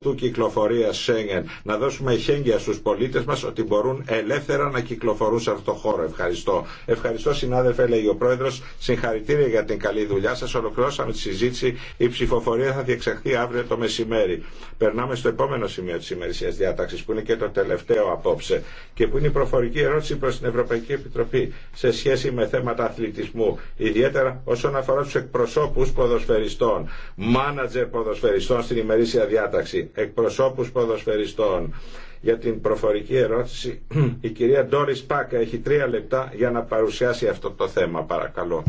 του κυκλοφορία Σέγγεν. Να δώσουμε χέγγια στου πολίτε μα ότι μπορούν ελεύθερα να κυκλοφορούν σε αυτό το χώρο. Ευχαριστώ. Ευχαριστώ, συνάδελφε, λέει ο πρόεδρο. Συγχαρητήρια για την καλή δουλειά σα. Ολοκληρώσαμε τη συζήτηση. Η ψηφοφορία θα διεξαχθεί αύριο το μεσημέρι. Περνάμε στο επόμενο σημείο τη ημερησία διάταξη, που είναι και το τελευταίο απόψε και που είναι η προφορική ερώτηση προ την Ευρωπαϊκή Επιτροπή σε σχέση με θέματα αθλητισμού. Ιδιαίτερα όσον αφορά του εκπροσώπου ποδοσφαιριστών, μάνατζερ ποδοσφαιριστών στην ημερήσια διάταξη εκπροσώπους ποδοσφαιριστών. Για την προφορική ερώτηση η κυρία Ντόρις Πάκα έχει τρία λεπτά για να παρουσιάσει αυτό το θέμα. Παρακαλώ.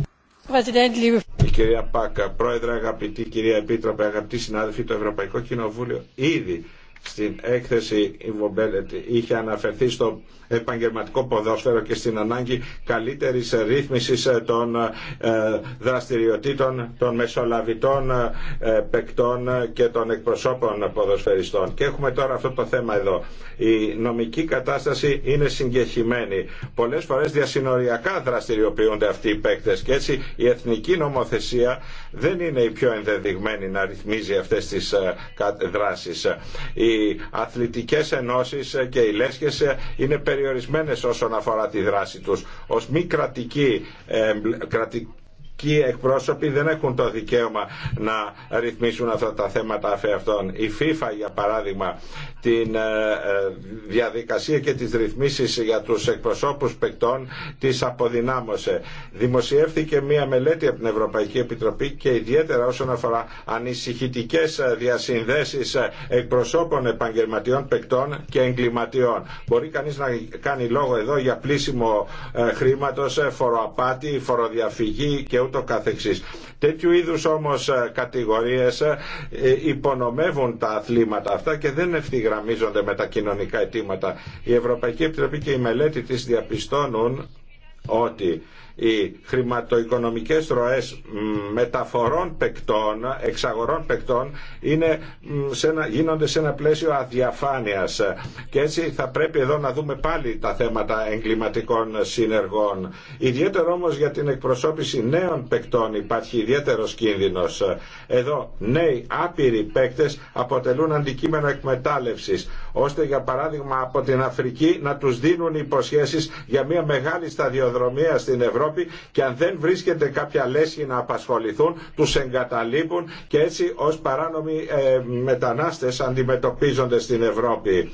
Η κυρία Πάκα, πρόεδρε, αγαπητή κυρία Επίτροπε, αγαπητοί συνάδελφοι, το Ευρωπαϊκό Κοινοβούλιο ήδη στην έκθεση η Βομπέλετ είχε αναφερθεί στο επαγγελματικό ποδόσφαιρο και στην ανάγκη καλύτερης ρύθμισης ε, των ε, δραστηριοτήτων των μεσολαβητών ε, παικτών και των εκπροσώπων ποδοσφαιριστών. Και έχουμε τώρα αυτό το θέμα εδώ. Η νομική κατάσταση είναι συγκεχημένη. Πολλές φορές διασυνοριακά δραστηριοποιούνται αυτοί οι παίκτες και έτσι η εθνική νομοθεσία δεν είναι η πιο ενδεδειγμένη να ρυθμίζει αυτές τις δράσεις οι αθλητικές ενώσεις και οι λέσχες είναι περιορισμένες όσον αφορά τη δράση τους. Ως μη κρατική, ε, οι εκπρόσωποι δεν έχουν το δικαίωμα να ρυθμίσουν αυτά τα θέματα αφ' αυτών. Η FIFA για παράδειγμα την ε, ε, διαδικασία και τις ρυθμίσεις για τους εκπροσώπους παικτών τις αποδυνάμωσε. Δημοσιεύθηκε μία μελέτη από την Ευρωπαϊκή Επιτροπή και ιδιαίτερα όσον αφορά ανησυχητικές ε, διασυνδέσεις εκπροσώπων επαγγελματιών παικτών και εγκληματιών. Μπορεί κανείς να κάνει λόγο εδώ για πλήσιμο χρήματος, φοροαπάτη, φοροδιαφυγή και ούτω καθεξής. Τέτοιου είδους όμως ε, κατηγορίες ε, υπονομεύουν τα αθλήματα αυτά και δεν ευθυγραμμίζονται με τα κοινωνικά αιτήματα. Η Ευρωπαϊκή Επιτροπή και η μελέτη της διαπιστώνουν ότι οι χρηματοοικονομικές ροές μεταφορών παικτών, εξαγορών παικτών είναι σε γίνονται σε ένα πλαίσιο αδιαφάνειας και έτσι θα πρέπει εδώ να δούμε πάλι τα θέματα εγκληματικών συνεργών. Ιδιαίτερο όμως για την εκπροσώπηση νέων παικτών υπάρχει ιδιαίτερος κίνδυνος. Εδώ νέοι άπειροι παίκτες αποτελούν αντικείμενο εκμετάλλευσης ώστε για παράδειγμα από την Αφρική να τους δίνουν υποσχέσεις για μια μεγάλη σταδιοδρομία στην Ευρώπη και αν δεν βρίσκεται κάποια λέσχη να απασχοληθούν, τους εγκαταλείπουν και έτσι ως παράνομοι ε, μετανάστες αντιμετωπίζονται στην Ευρώπη.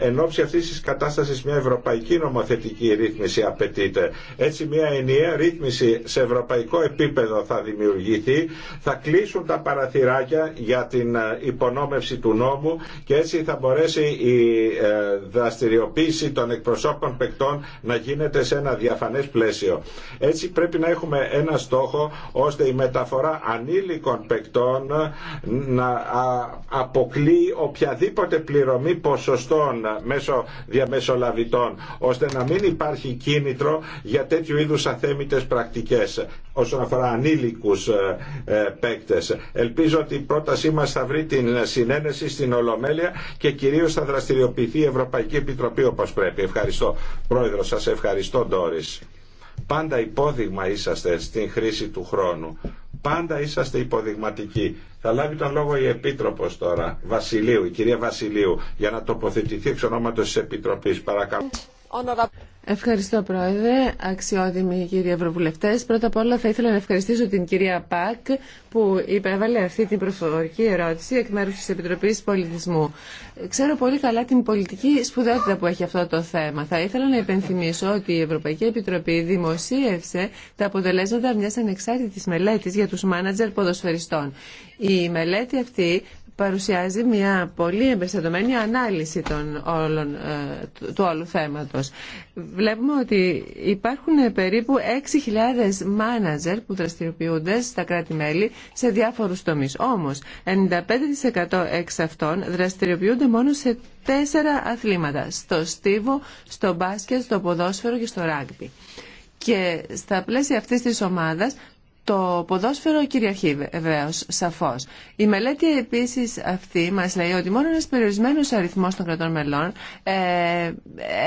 Εν ώψη αυτή τη κατάσταση, μια ευρωπαϊκή νομοθετική ρύθμιση απαιτείται. Έτσι, μια ενιαία ρύθμιση σε ευρωπαϊκό επίπεδο θα δημιουργηθεί, θα κλείσουν τα παραθυράκια για την ε, υπονόμευση του νόμου και έτσι θα μπορέσει η ε, δραστηριοποίηση των εκπροσώπων παικτών να γίνεται σε ένα διαφανές πλαίσιο. Έτσι πρέπει να έχουμε ένα στόχο ώστε η μεταφορά ανήλικων παικτών να αποκλεί οποιαδήποτε πληρωμή ποσοστών μέσω διαμεσολαβητών, ώστε να μην υπάρχει κίνητρο για τέτοιου είδους αθέμητες πρακτικές όσον αφορά ανήλικους ε, ε, παίκτες. Ελπίζω ότι η πρότασή μας θα βρει την συνένεση στην Ολομέλεια και κυρίως θα δραστηριοποιηθεί η Ευρωπαϊκή Επιτροπή όπως πρέπει. Ευχαριστώ. Πρόεδρο, σας ευχαριστώ Ντόρις. Πάντα υπόδειγμα είσαστε στην χρήση του χρόνου. Πάντα είσαστε υποδειγματικοί. Θα λάβει τον λόγο η Επίτροπο, τώρα, Βασιλείου, η κυρία Βασιλείου, για να τοποθετηθεί εξ ονόματο τη Επιτροπής. Παρακαλώ. Ευχαριστώ Πρόεδρε, αξιότιμοι κύριοι Ευρωβουλευτέ. Πρώτα απ' όλα θα ήθελα να ευχαριστήσω την κυρία Πακ που υπέβαλε αυτή την προφορική ερώτηση εκ μέρου τη Επιτροπή Πολιτισμού. Ξέρω πολύ καλά την πολιτική σπουδαιότητα που έχει αυτό το θέμα. Θα ήθελα να υπενθυμίσω ότι η Ευρωπαϊκή Επιτροπή δημοσίευσε τα αποτελέσματα μια ανεξάρτητη μελέτη για του μάνατζερ ποδοσφαιριστών. Η μελέτη αυτή παρουσιάζει μια πολύ εμπεριστατωμένη ανάλυση των όλων, ε, του όλου θέματος. Βλέπουμε ότι υπάρχουν περίπου 6.000 μάναζερ που δραστηριοποιούνται στα κράτη-μέλη σε διάφορους τομείς. Όμως, 95% εξ αυτών δραστηριοποιούνται μόνο σε τέσσερα αθλήματα. Στο στίβο, στο μπάσκετ, στο ποδόσφαιρο και στο ράγπι. Και στα πλαίσια αυτής της ομάδας το ποδόσφαιρο κυριαρχεί βεβαίω, σαφώ. Η μελέτη επίση αυτή μα λέει ότι μόνο ένα περιορισμένο αριθμό των κρατών μελών ε,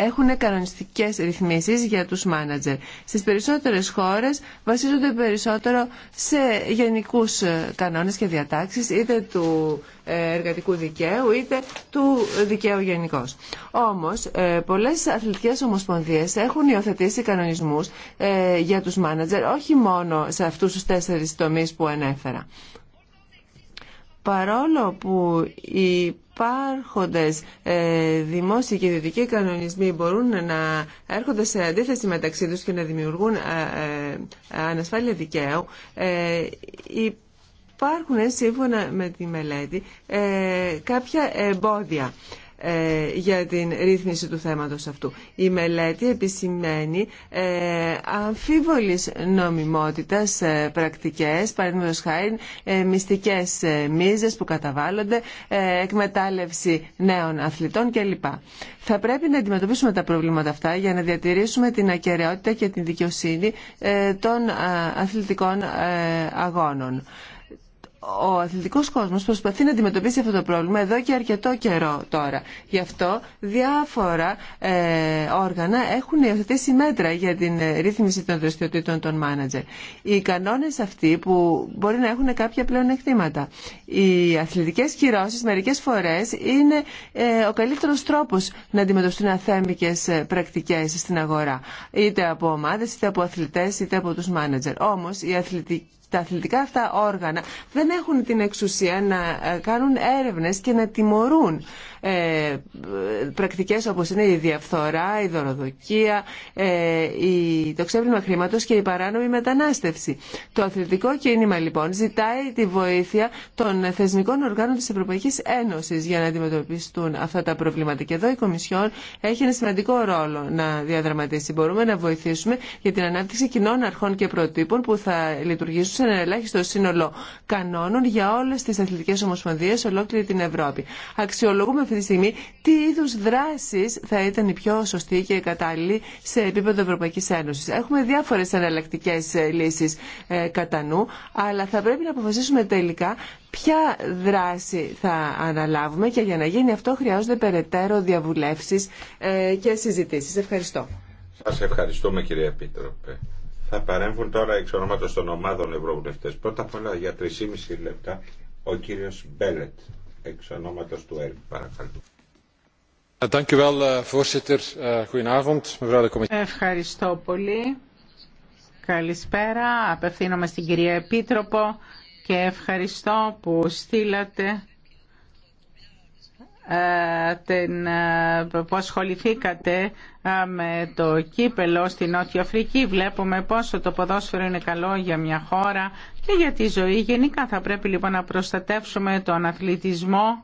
έχουν κανονιστικέ ρυθμίσει για του μάνατζερ. Στι περισσότερε χώρε βασίζονται περισσότερο σε γενικού ε, κανόνε και διατάξει είτε του εργατικού δικαίου είτε του δικαίου γενικώ. Όμω, ε, πολλέ αθλητικέ ομοσπονδίε έχουν υιοθετήσει κανονισμού ε, για του μάνατζερ, όχι μόνο σε αυτού του τέσσερι τομεί που ανέφερα. Παρόλο που οι υπάρχοντες ε, δημόσιοι και ιδιωτικοί κανονισμοί μπορούν να έρχονται σε αντίθεση μεταξύ τους και να δημιουργούν ανασφάλεια δικαίου, υπάρχουν ε, σύμφωνα με τη μελέτη ε, κάποια εμπόδια ε, για την ρύθμιση του θέματος αυτού. Η μελέτη επισημαίνει ε, αμφίβολης νομιμότητας ε, πρακτικές, παραδείγματος χάρη ε, μυστικές μίζες που καταβάλλονται, ε, εκμετάλλευση νέων αθλητών κλπ. Θα πρέπει να αντιμετωπίσουμε τα προβλήματα αυτά για να διατηρήσουμε την ακαιρεότητα και την δικαιοσύνη των αθλητικών αγώνων ο αθλητικός κόσμος προσπαθεί να αντιμετωπίσει αυτό το πρόβλημα εδώ και αρκετό καιρό τώρα. Γι' αυτό διάφορα ε, όργανα έχουν υιοθετήσει μέτρα για την ε, ρύθμιση των δραστηριοτήτων των μάνατζερ. Οι κανόνες αυτοί που μπορεί να έχουν κάποια πλέον πλεονεκτήματα. Οι αθλητικές κυρώσεις μερικές φορές είναι ε, ο καλύτερος τρόπος να αντιμετωπιστούν αθέμικες ε, πρακτικές στην αγορά. Είτε από ομάδες, είτε από αθλητές, είτε από τους μάνατζερ. Όμως η αθλητική τα αθλητικά αυτά όργανα δεν έχουν την εξουσία να ε, κάνουν έρευνες και να τιμωρούν ε, πρακτικές όπως είναι η διαφθορά, η δωροδοκία, ε, η, το ξέπλυμα χρήματος και η παράνομη μετανάστευση. Το αθλητικό κίνημα λοιπόν ζητάει τη βοήθεια των θεσμικών οργάνων της Ευρωπαϊκής Ένωσης για να αντιμετωπιστούν αυτά τα προβλήματα. Και εδώ η Κομισιόν έχει ένα σημαντικό ρόλο να διαδραματίσει. Μπορούμε να βοηθήσουμε για την ανάπτυξη κοινών αρχών και προτύπων που θα λειτουργήσουν σε ένα ελάχιστο σύνολο κανόνων για όλε τι αθλητικέ ομοσπονδίε σε ολόκληρη την Ευρώπη. Αξιολογούμε αυτή τη στιγμή τι είδου δράσει θα ήταν οι πιο σωστοί και κατάλληλοι σε επίπεδο Ευρωπαϊκή Ένωση. Έχουμε διάφορε εναλλακτικέ ε, λύσει ε, κατά νου, αλλά θα πρέπει να αποφασίσουμε τελικά ποια δράση θα αναλάβουμε και για να γίνει αυτό χρειάζονται περαιτέρω διαβουλεύσεις ε, και συζητήσει. Ευχαριστώ. Σας ευχαριστούμε κύριε Επίτροπε. Θα παρέμβουν τώρα εξ ονόματο των ομάδων ευρωβουλευτέ. Πρώτα απ' όλα για 3,5 λεπτά ο κύριο Μπέλετ, εξ ονόματο του ΕΛΚ, παρακαλώ. Ευχαριστώ πολύ. Καλησπέρα. Απευθύνομαι στην κυρία Επίτροπο και ευχαριστώ που στείλατε ε, την, ε, που ασχοληθήκατε ε, με το κύπελο στην Νότια Αφρική. Βλέπουμε πόσο το ποδόσφαιρο είναι καλό για μια χώρα και για τη ζωή. Γενικά θα πρέπει λοιπόν να προστατεύσουμε τον αθλητισμό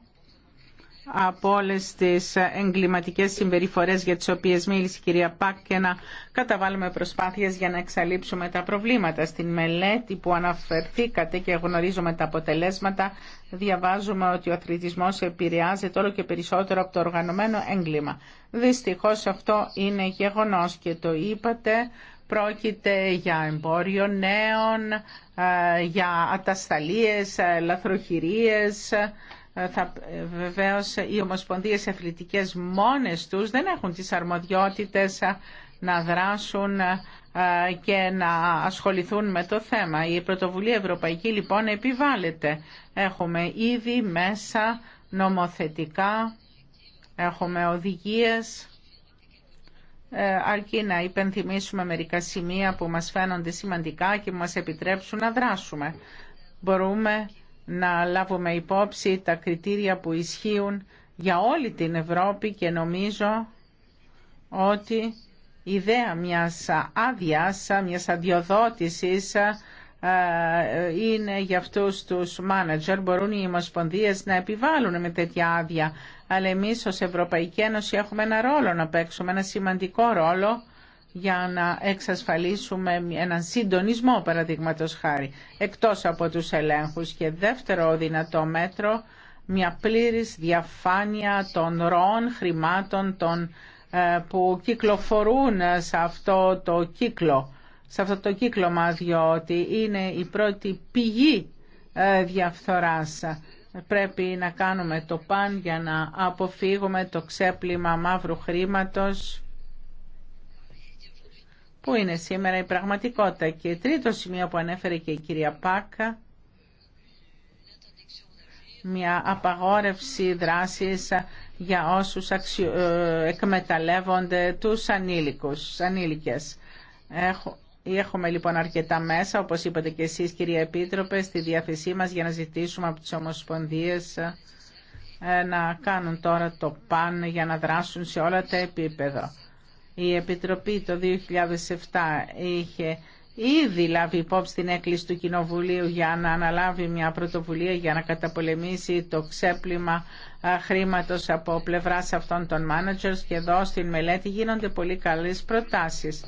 από όλε τις εγκληματικέ συμπεριφορέ για τις οποίες μίλησε η κυρία Πακ και να καταβάλουμε προσπάθειες για να εξαλείψουμε τα προβλήματα. Στην μελέτη που αναφερθήκατε και γνωρίζουμε τα αποτελέσματα, διαβάζουμε ότι ο αθλητισμό επηρεάζεται όλο και περισσότερο από το οργανωμένο έγκλημα. Δυστυχώ αυτό είναι γεγονό και το είπατε, πρόκειται για εμπόριο νέων, ε, για ατασταλίες, ε, λαθροχειρίες, θα, βεβαίως οι ομοσπονδίες αθλητικές μόνες τους δεν έχουν τις αρμοδιότητες ε, να δράσουν ε, και να ασχοληθούν με το θέμα. Η πρωτοβουλία ευρωπαϊκή λοιπόν επιβάλλεται. Έχουμε ήδη μέσα νομοθετικά, έχουμε οδηγίες, ε, αρκεί να υπενθυμίσουμε μερικά σημεία που μας φαίνονται σημαντικά και που μας επιτρέψουν να δράσουμε. Μπορούμε να λάβουμε υπόψη τα κριτήρια που ισχύουν για όλη την Ευρώπη και νομίζω ότι η ιδέα μιας άδειας, μιας αδειοδότησης ε, είναι για αυτούς τους μάνατζερ. Μπορούν οι ομοσπονδίες να επιβάλλουν με τέτοια άδεια. Αλλά εμείς ως Ευρωπαϊκή Ένωση έχουμε ένα ρόλο να παίξουμε, ένα σημαντικό ρόλο για να εξασφαλίσουμε έναν συντονισμό παραδείγματο χάρη εκτός από τους ελέγχους και δεύτερο δυνατό μέτρο μια πλήρης διαφάνεια των ροών χρημάτων των, ε, που κυκλοφορούν σε αυτό το κύκλο σε αυτό το κύκλο κύκλωμα διότι είναι η πρώτη πηγή ε, διαφθοράς πρέπει να κάνουμε το παν για να αποφύγουμε το ξέπλυμα μαύρου χρήματος που είναι σήμερα η πραγματικότητα. Και τρίτο σημείο που ανέφερε και η κυρία Πάκα, μια απαγόρευση δράσης για όσους αξιο... Ε, εκμεταλλεύονται τους ανήλικους, ανήλικες. Έχω... Έχουμε λοιπόν αρκετά μέσα, όπως είπατε και εσείς κυρία Επίτροπε, στη διάθεσή μας για να ζητήσουμε από τις Ομοσπονδίες ε, να κάνουν τώρα το παν για να δράσουν σε όλα τα επίπεδα. Η Επιτροπή το 2007 είχε ήδη λάβει υπόψη την έκκληση του Κοινοβουλίου για να αναλάβει μια πρωτοβουλία για να καταπολεμήσει το ξέπλυμα χρήματος από πλευράς αυτών των managers και εδώ στην μελέτη γίνονται πολύ καλές προτάσεις.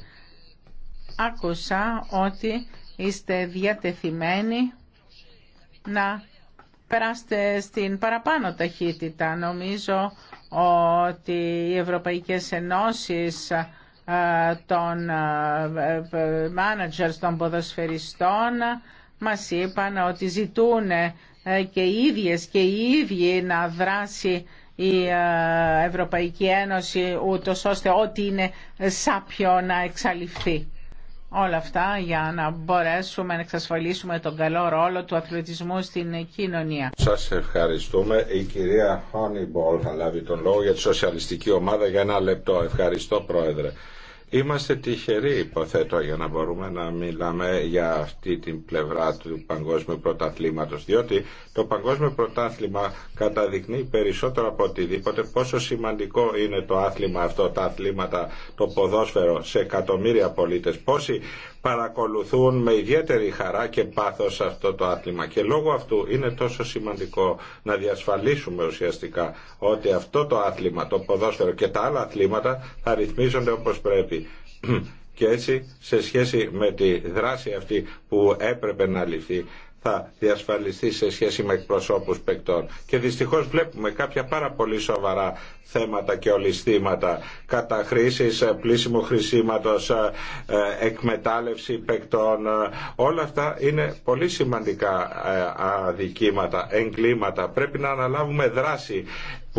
Άκουσα ότι είστε διατεθειμένοι να περάστε στην παραπάνω ταχύτητα. Νομίζω ότι οι Ευρωπαϊκές Ενώσεις των managers των ποδοσφαιριστών μας είπαν ότι ζητούν ε, και οι ίδιες και οι ίδιοι να δράσει η Ευρωπαϊκή Ένωση ούτως ώστε ό,τι είναι σάπιο να εξαλειφθεί όλα αυτά για να μπορέσουμε να εξασφαλίσουμε τον καλό ρόλο του αθλητισμού στην κοινωνία. Σας ευχαριστούμε. Η κυρία Χόνιμπολ θα λάβει τον λόγο για τη σοσιαλιστική ομάδα για ένα λεπτό. Ευχαριστώ πρόεδρε. Είμαστε τυχεροί, υποθέτω, για να μπορούμε να μιλάμε για αυτή την πλευρά του παγκόσμιου πρωταθλήματος, διότι το παγκόσμιο πρωτάθλημα καταδεικνύει περισσότερο από οτιδήποτε πόσο σημαντικό είναι το άθλημα αυτό, τα αθλήματα, το ποδόσφαιρο σε εκατομμύρια πολίτες, πόσοι παρακολουθούν με ιδιαίτερη χαρά και πάθος αυτό το άθλημα και λόγω αυτού είναι τόσο σημαντικό να διασφαλίσουμε ουσιαστικά ότι αυτό το άθλημα, το ποδόσφαιρο και τα άλλα αθλήματα θα ρυθμίζονται όπως πρέπει και έτσι σε σχέση με τη δράση αυτή που έπρεπε να ληφθεί θα διασφαλιστεί σε σχέση με εκπροσώπους παικτών. Και δυστυχώς βλέπουμε κάποια πάρα πολύ σοβαρά θέματα και ολιστήματα, καταχρήσεις ε, πλήσιμου χρησίματος, ε, ε, εκμετάλλευση παικτών. Όλα αυτά είναι πολύ σημαντικά αδικήματα, εγκλήματα. Πρέπει να αναλάβουμε δράση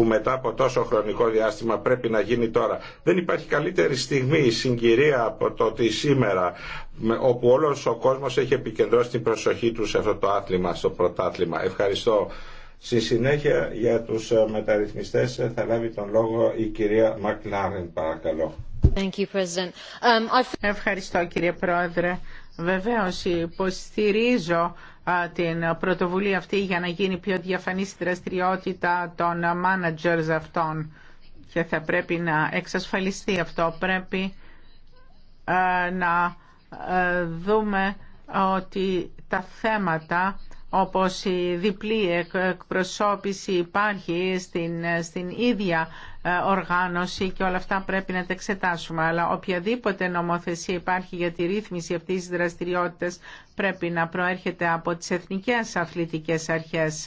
που μετά από τόσο χρονικό διάστημα πρέπει να γίνει τώρα. Δεν υπάρχει καλύτερη στιγμή η συγκυρία από το ότι σήμερα όπου όλος ο κόσμος έχει επικεντρώσει την προσοχή του σε αυτό το άθλημα, στο πρωτάθλημα. Ευχαριστώ. Στη συνέχεια για τους ε, μεταρρυθμιστές ε, θα λάβει τον λόγο η κυρία Μακλάρεν παρακαλώ. Thank you, President. Um, Ευχαριστώ κύριε Πρόεδρε. Βεβαίως υποστηρίζω την πρωτοβουλία αυτή για να γίνει πιο διαφανή η δραστηριότητα των managers αυτών και θα πρέπει να εξασφαλιστεί αυτό. Πρέπει ε, να ε, δούμε ότι τα θέματα όπως η διπλή εκπροσώπηση υπάρχει στην, στην ίδια ε, οργάνωση και όλα αυτά πρέπει να τα εξετάσουμε. Αλλά οποιαδήποτε νομοθεσία υπάρχει για τη ρύθμιση αυτής της δραστηριότητας πρέπει να προέρχεται από τις εθνικές αθλητικές αρχές.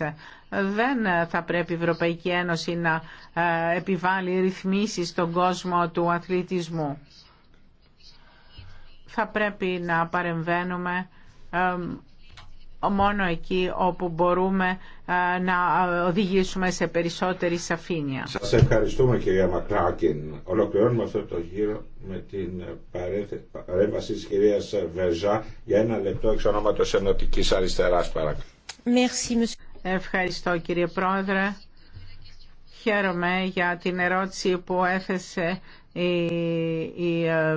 Δεν θα πρέπει η Ευρωπαϊκή Ένωση να ε, επιβάλλει ρυθμίσεις στον κόσμο του αθλητισμού. Θα πρέπει να παρεμβαίνουμε μόνο εκεί όπου μπορούμε να οδηγήσουμε σε περισσότερη σαφήνεια. Σας ευχαριστούμε κυρία Μακράκιν. Ολοκληρώνουμε αυτό το γύρο με την παρέμβαση της κυρίας Βεζά. για ένα λεπτό εξ ονόματος Ενωτικής Αριστεράς παρακαλώ. Ευχαριστώ κύριε Πρόεδρε. Χαίρομαι για την ερώτηση που έθεσε η, η ε,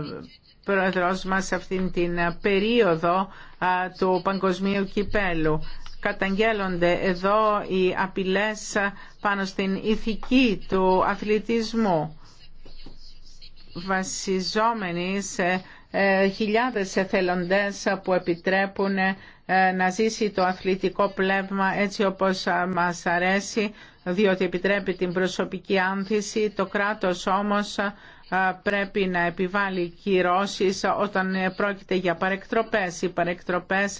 πρόεδρος μας αυτήν την περίοδο ε, του παγκοσμίου κυπέλου. Καταγγέλλονται εδώ οι απειλές πάνω στην ηθική του αθλητισμού βασιζόμενοι σε ε, χιλιάδες εθελοντές που επιτρέπουν να ζήσει το αθλητικό πλεύμα έτσι όπως μας αρέσει διότι επιτρέπει την προσωπική άνθηση. Το κράτος όμως πρέπει να επιβάλλει κυρώσεις όταν ε, πρόκειται για παρεκτροπές. Οι παρεκτροπές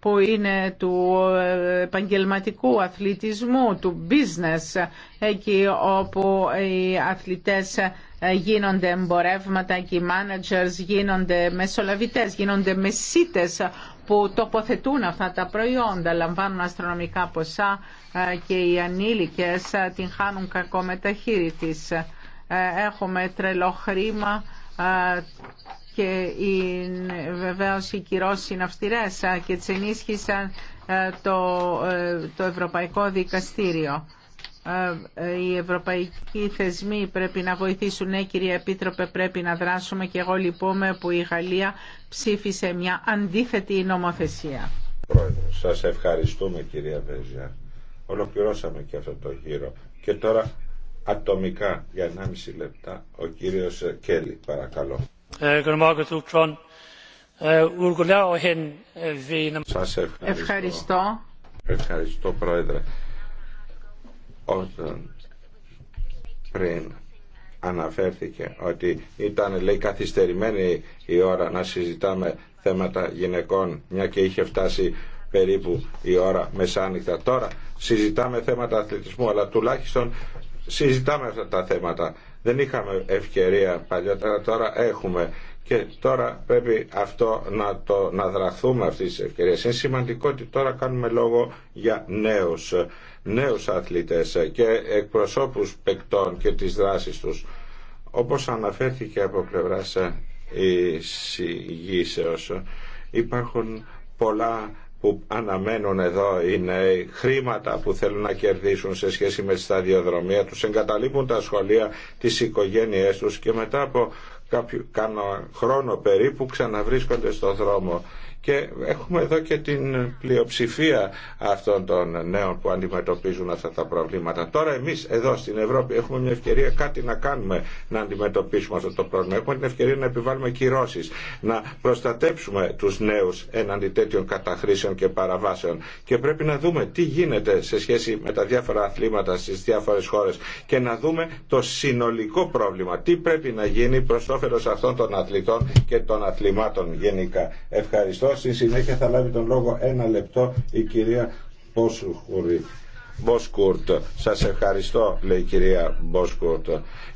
που είναι του ε, επαγγελματικού αθλητισμού, του business, εκεί όπου οι αθλητές ε, γίνονται εμπορεύματα και οι managers γίνονται μεσολαβητές, γίνονται μεσίτες που τοποθετούν αυτά τα προϊόντα, λαμβάνουν αστρονομικά ποσά ε, και οι ανήλικες ε, την χάνουν κακό μεταχείριτης. Ε, έχουμε τρελό χρήμα και οι, βεβαίως οι κυρώσεις είναι αυστηρές και τις ενίσχυσαν το, το Ευρωπαϊκό Δικαστήριο. Ε, οι ευρωπαϊκοί θεσμοί πρέπει να βοηθήσουν. Ναι, κυρία Επίτροπε, πρέπει να δράσουμε και εγώ λυπούμαι που η Γαλλία ψήφισε μια αντίθετη νομοθεσία. Πρόεδρε, σας ευχαριστούμε κυρία Βέζια. Ολοκληρώσαμε και αυτό το γύρο. Και τώρα ατομικά για 1,5 λεπτά ο κύριος Κέλλη, παρακαλώ. Ε, ε, σας ευχαριστώ. Ευχαριστώ, Πρόεδρε όταν πριν αναφέρθηκε ότι ήταν λέει καθυστερημένη η ώρα να συζητάμε θέματα γυναικών μια και είχε φτάσει περίπου η ώρα μεσάνυχτα τώρα συζητάμε θέματα αθλητισμού αλλά τουλάχιστον συζητάμε αυτά τα θέματα δεν είχαμε ευκαιρία παλιότερα τώρα έχουμε και τώρα πρέπει αυτό να, το, να δραθούμε αυτή τη ευκαιρία. Είναι σημαντικό ότι τώρα κάνουμε λόγο για νέους νέους αθλητές και εκπροσώπους παικτών και τις δράσεις τους. Όπως αναφέρθηκε από πλευράς εισηγήσεως, υπάρχουν πολλά που αναμένουν εδώ είναι χρήματα που θέλουν να κερδίσουν σε σχέση με τη σταδιοδρομία τους, εγκαταλείπουν τα σχολεία, τις οικογένειές τους και μετά από κάποιο χρόνο περίπου ξαναβρίσκονται στο δρόμο. Και έχουμε εδώ και την πλειοψηφία αυτών των νέων που αντιμετωπίζουν αυτά τα προβλήματα. Τώρα εμείς εδώ στην Ευρώπη έχουμε μια ευκαιρία κάτι να κάνουμε να αντιμετωπίσουμε αυτό το πρόβλημα. Έχουμε την ευκαιρία να επιβάλλουμε κυρώσει, να προστατέψουμε τους νέους εναντί τέτοιων καταχρήσεων και παραβάσεων. Και πρέπει να δούμε τι γίνεται σε σχέση με τα διάφορα αθλήματα στις διάφορες χώρες και να δούμε το συνολικό πρόβλημα. Τι πρέπει να γίνει προς όφελος αυτών των αθλητών και των αθλημάτων γενικά. Ευχαριστώ λεπτό. Στη συνέχεια θα λάβει τον λόγο ένα λεπτό η κυρία Μπόσκουρη Μποσκούρτ. Σας ευχαριστώ, λέει η κυρία Μποσκούρτ.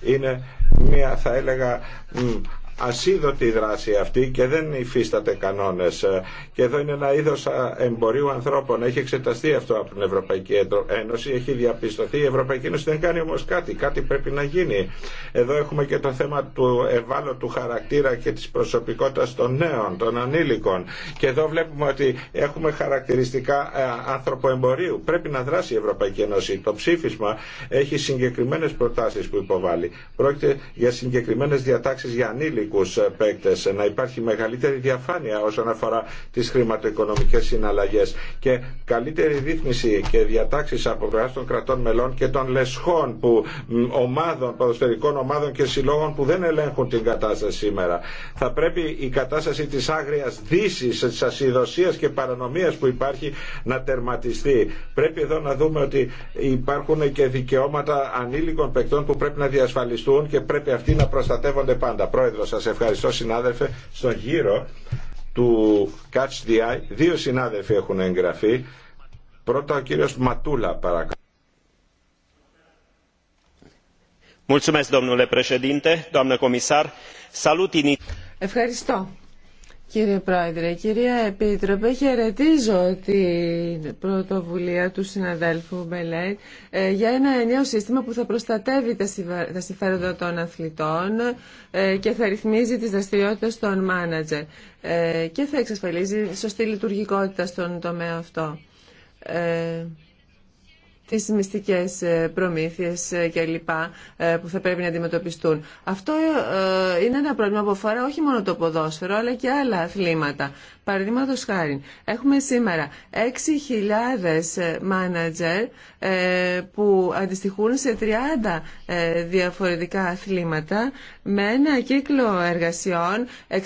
Είναι μια, θα έλεγα, ασίδωτη δράση αυτή και δεν υφίσταται κανόνες. Και εδώ είναι ένα είδος εμπορίου ανθρώπων. Έχει εξεταστεί αυτό από την Ευρωπαϊκή Ένωση, έχει διαπιστωθεί. Η Ευρωπαϊκή Ένωση δεν κάνει όμως κάτι. Κάτι πρέπει να γίνει. Εδώ έχουμε και το θέμα του ευάλωτου χαρακτήρα και της προσωπικότητας των νέων, των ανήλικων. Και εδώ βλέπουμε ότι έχουμε χαρακτηριστικά ε, εμπορίου. Πρέπει να δράσει η Ευρωπαϊκή Ένωση. Το ψήφισμα έχει συγκεκριμένες προτάσεις που υποβάλλει. Πρόκειται για συγκεκριμένες διατάξεις για ε, ε, να υπάρχει μεγαλύτερη διαφάνεια όσον αφορά τις χρηματοοικονομικές συναλλαγές και καλύτερη ρύθμιση και διατάξεις από πλευρά των κρατών μελών και των λεσχών που, ομάδων, ποδοσφαιρικών ομάδων και συλλόγων που δεν ελέγχουν την κατάσταση σήμερα. Θα πρέπει η κατάσταση της άγριας δύσης, της ασυδοσίας και παρανομίας που υπάρχει να τερματιστεί. Πρέπει εδώ να δούμε ότι υπάρχουν και δικαιώματα ανήλικων παικτών που πρέπει να διασφαλιστούν και πρέπει αυτοί να προστατεύονται πάντα. Πρόεδρος, σας ευχαριστώ συνάδελφε. Στον γύρο του Catch the Eye δύο συνάδελφοι έχουν εγγραφεί. Πρώτα ο κύριος Ματούλα παρακαλώ. Ευχαριστώ. Κύριε Πρόεδρε, κυρία Επίτροπε, χαιρετίζω την πρωτοβουλία του συναδέλφου Μπελέτ ε, για ένα νέο σύστημα που θα προστατεύει τα συμφέροντα των αθλητών ε, και θα ρυθμίζει τις δραστηριότητες των μάνατζερ ε, και θα εξασφαλίζει σωστή λειτουργικότητα στον τομέα αυτό τις μυστικές ε, προμήθειες ε, και λοιπά ε, που θα πρέπει να αντιμετωπιστούν. Αυτό είναι ένα πρόβλημα που αφορά όχι μόνο το ποδόσφαιρο αλλά και άλλα αθλήματα. Παραδείγματο χάρη, έχουμε σήμερα 6.000 μάνατζερ που αντιστοιχούν σε 30 διαφορετικά αθλήματα με ένα κύκλο εργασιών 600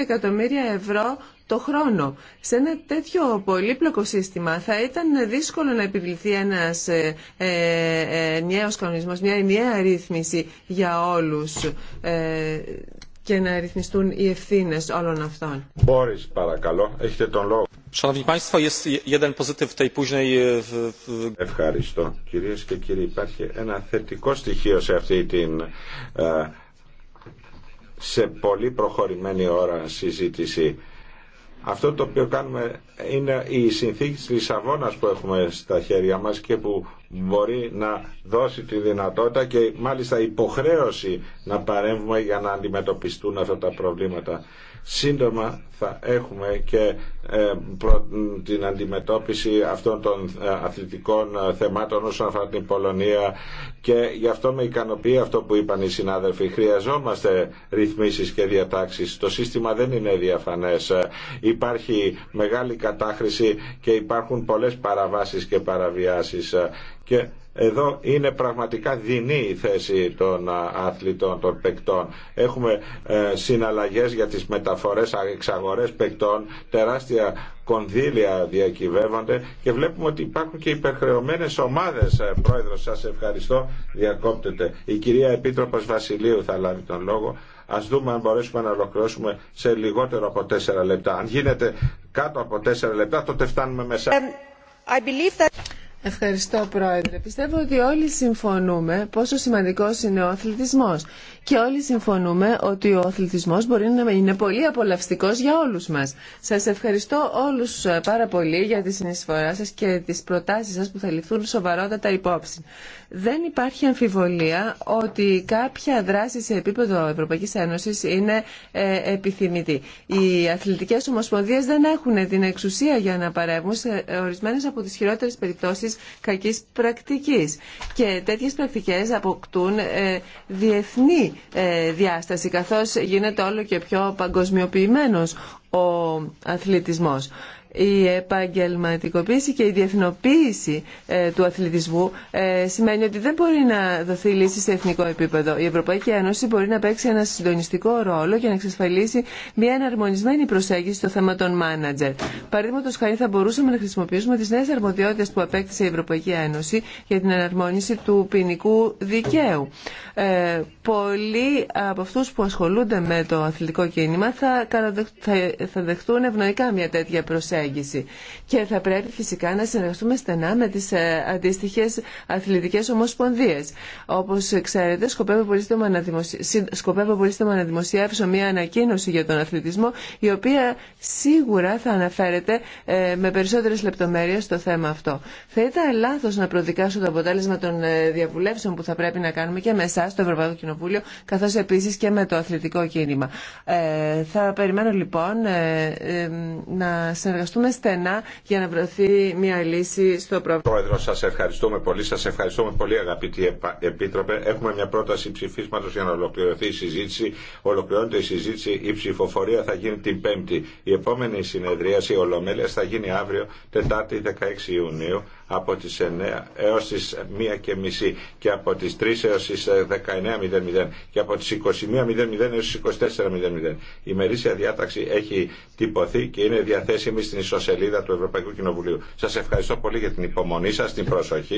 εκατομμύρια ευρώ το χρόνο. Σε ένα τέτοιο πολύπλοκο σύστημα θα ήταν δύσκολο να επιβληθεί ένας ε, ε, ε κανονισμός, μια νέα ρύθμιση για όλους ε, και να ρυθμιστούν οι ευθύνε όλων αυτών. Μπόρις, παρακαλώ, έχετε τον λόγο. Ευχαριστώ. Κυρίες και κύριοι, υπάρχει ένα θετικό στοιχείο σε αυτή την ε, σε πολύ προχωρημένη ώρα συζήτηση αυτό το οποίο κάνουμε είναι η συνθήκη της Λισαβόνας που έχουμε στα χέρια μας και που μπορεί να δώσει τη δυνατότητα και μάλιστα υποχρέωση να παρέμβουμε για να αντιμετωπιστούν αυτά τα προβλήματα. Σύντομα θα έχουμε και ε, την αντιμετώπιση αυτών των ε, αθλητικών ε, θεμάτων όσον αφορά την Πολωνία και γι' αυτό με ικανοποιεί αυτό που είπαν οι συνάδελφοι. Χρειαζόμαστε ρυθμίσεις και διατάξεις. Το σύστημα δεν είναι διαφανές. Υπάρχει μεγάλη κατάχρηση και υπάρχουν πολλές παραβάσεις και παραβιάσεις. Και εδώ είναι πραγματικά δεινή η θέση των αθλητών, των παικτών. Έχουμε ε, συναλλαγές για τις μεταφορές, εξαγορές παικτών, τεράστια κονδύλια διακυβεύονται και βλέπουμε ότι υπάρχουν και υπερχρεωμένες ομάδες. Ε, Πρόεδρος, σας ευχαριστώ. Διακόπτεται. Η κυρία Επίτροπος Βασιλείου θα λάβει τον λόγο. Ας δούμε αν μπορέσουμε να ολοκληρώσουμε σε λιγότερο από τέσσερα λεπτά. Αν γίνεται κάτω από τέσσερα λεπτά, τότε φτάνουμε μέσα. Ε, Ευχαριστώ Πρόεδρε. Πιστεύω ότι όλοι συμφωνούμε πόσο σημαντικός είναι ο αθλητισμός και όλοι συμφωνούμε ότι ο αθλητισμός μπορεί να είναι πολύ απολαυστικός για όλους μας. Σας ευχαριστώ όλους ε, πάρα πολύ για τη συνεισφορά σας και τις προτάσεις σας που θα ληφθούν σοβαρότατα υπόψη. Δεν υπάρχει αμφιβολία ότι κάποια δράση σε επίπεδο Ευρωπαϊκής Ένωσης είναι ε, επιθυμητή. Οι αθλητικές ομοσπονδίες δεν έχουν την εξουσία για να παρεύουν σε ορισμένες από τις χειρότερες περιπτώσεις κακής πρακτικής. Και τέτοιες πρακτικές αποκτούν ε, διεθνή ε, διάσταση καθώς γίνεται όλο και πιο παγκοσμιοποιημένος ο αθλητισμός. Η επαγγελματικοποίηση και η διεθνοποίηση ε, του αθλητισμού ε, σημαίνει ότι δεν μπορεί να δοθεί λύση σε εθνικό επίπεδο. Η Ευρωπαϊκή Ένωση μπορεί να παίξει ένα συντονιστικό ρόλο για να εξασφαλίσει μια εναρμονισμένη προσέγγιση στο θέμα των μάνατζερ. Παραδείγματο χάρη, θα μπορούσαμε να χρησιμοποιήσουμε τι νέε αρμοδιότητε που απέκτησε η Ευρωπαϊκή Ένωση για την εναρμόνιση του ποινικού δικαίου. Ε, πολλοί από αυτού που ασχολούνται με το αθλητικό κίνημα θα, θα δεχτούν ευνοϊκά μια τέτοια προσέγγιση προσέγγιση. Και θα πρέπει φυσικά να συνεργαστούμε στενά με τι ε, αντίστοιχε αθλητικέ ομοσπονδίε. Όπω ξέρετε, σκοπεύω πολύ σύντομα να, δημοσιεύσω, μια ανακοίνωση για τον αθλητισμό, η οποία σίγουρα θα αναφέρεται ε, με περισσότερε λεπτομέρειε στο θέμα αυτό. Θα ήταν λάθο να προδικάσω το αποτέλεσμα των ε, διαβουλεύσεων που θα πρέπει να κάνουμε και με εσά, το Ευρωπαϊκό Κοινοβούλιο, καθώ επίση και με το αθλητικό κίνημα. Ε, θα περιμένω λοιπόν ε, να συνεργαστούμε συνεργαστούμε στενά για να βρεθεί μια λύση στο πρόβλημα. Πρόεδρο, σας ευχαριστούμε πολύ. σα ευχαριστούμε πολύ αγαπητή Επίτροπε. Έχουμε μια πρόταση ψηφίσματο για να ολοκληρωθεί η συζήτηση. Ολοκληρώνεται η συζήτηση. Η ψηφοφορία θα γίνει την Πέμπτη. Η επόμενη συνεδρίαση ολομέλεια θα γίνει αύριο, Τετάρτη 16 Ιουνίου από τις 9 έως τις 1 και μισή και από τις 3 έως τις 19.00 ε, και από τις 21.00 έως τις 24.00. Η μερίσια διάταξη έχει τυπωθεί και είναι διαθέσιμη στην ισοσελίδα του Ευρωπαϊκού Κοινοβουλίου. Σας ευχαριστώ πολύ για την υπομονή σας, την προσοχή